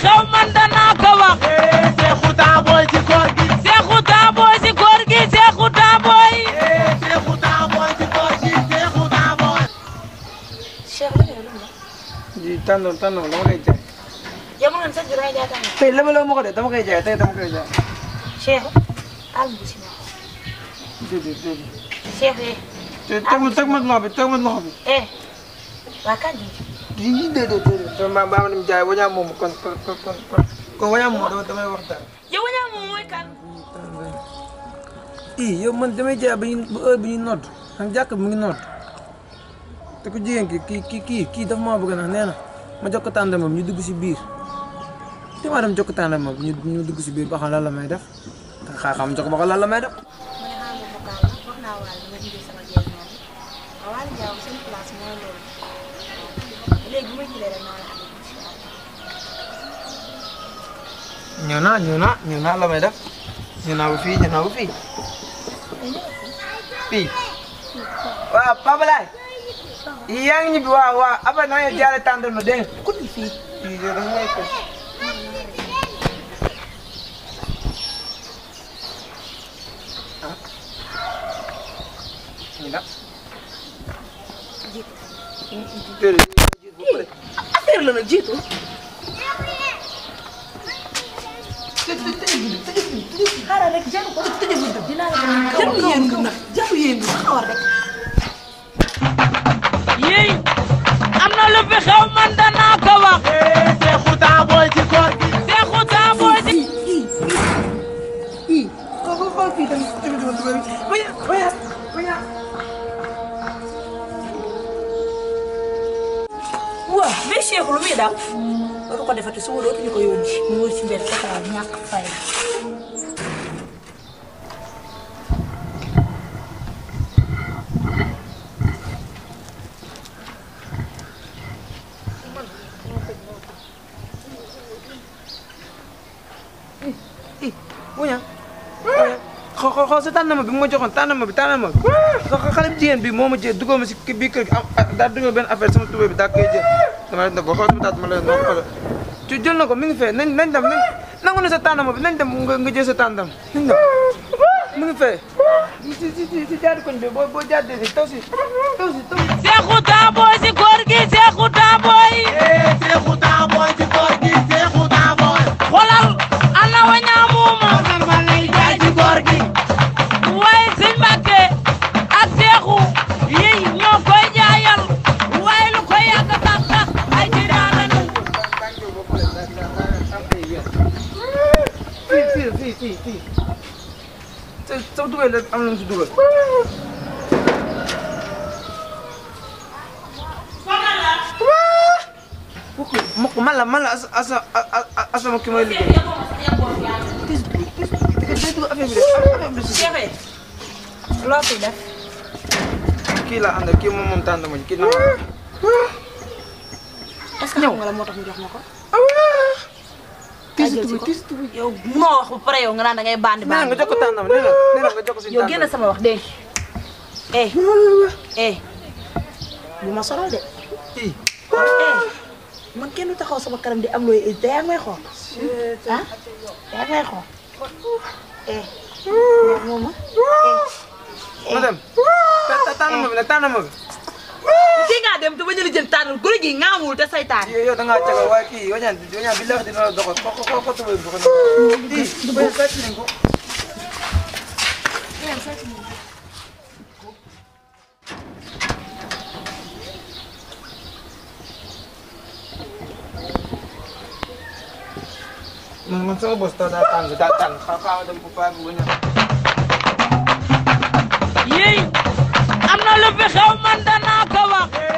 xew man danaa ko wax. Eh, Seexu Taaboy ci koor gi. Seexu Taaboy ci koor gi Seexu Taaboy. Eh, Seexu Taaboy ci koor gi Seexu Taaboy. Cheikh. tànn tànn dama koy jaay. yow man sa juróomi jaay tànn. tey lëbële wu ma ko de dama koy jaay tey dama koy jaay. Cheikh. déedéet déedéet. Cheikh de. tey teg ma teg ma loxo bi teg ma loxo bi. eh waa kan. déedéet déedéet. te ma ma dem jaay wañaam moomu kon kon kon kon wañaam moomu damay waxtaan. yow man damay jaay ba ñu ba heure bi ñu nodd xam jàkk bi mu ngi nodd te ku jigéen ki kii kii kii kii dafa maa nee na ma jox ko tàndamam ñu dugg si biir te ma dem jox ko tàndamam ñu ñu dugg si biir ba xam la may def te xaa xam jox la may def. léegi bu ma la amee incha allah. ñëw naa ñëw naa ñëw naa la may yaa ngi ñibbi waaw waaw Abba naa yow jaaree ma dégg nga. ku dul fii. fii yow dafa may heure la nag jiitu. te te te te xaaral rek jaru ko te jaru ko dinaa la. jaru yéen ko nag jaru yéen ko xawar rek. yéen am na lu fi xew man danaa ko wax. Cheikhou lu muy daw. dootu ko defati su ma dootuñu ko yónni. mu wër ci mbedd Fatal ñàkk fay. xoo xoo bi ma joxoon tànnama bi tànnama bi xale bu jigéen bi moo ma jee dugal ma si biir kër gi am ah, ah, daa dugal sama tubaab bi daa koy dama leen di boo xoolee daal dama leen di na ko mi ngi fee nañ nañ dem nañ nangu na sa tàndama bi nañ dem nga nga jël sa tàndam nañ dem mi ngi fee. si si si si jaadu koñ bi boo boo jaadee si taw si taw si taw si. Seexu Taaboy si góor gi Seexu kii kii sa sa dugal la am na mu si dugal. mokk man la man la asa asama ki may liggéey. kii dugg affaire bi de affaire bi de. loo fi def. kii laa àndal kii moom moom tànn ma kii na. est-ce que xam nga la moo tax ñu jox ma ko. yow munoo wax ba pare yow nga naan da ngay bandi bandi. nee na nga jokkoo tàndam nee na nee na nga jokkoo suñu yow génn sama wax dégg nga. eh, eh. bu ma soral de. eh man kenn taxaw sama kanam di am looy it yaa ngi may xool. ah yaa ngi may xool. eh moom ah. eh madame. Eh. tànnama bi nag tànnama bi. te ngaa dem te bañ a jël tànn góor gi ngaamul te saytaan. yow da ngaa cagal waaye kii wañaan wañaan bi la dina la ko ko ko tubay ko ko ko man man sama bos daa am na lu fi xew man danaa ko wax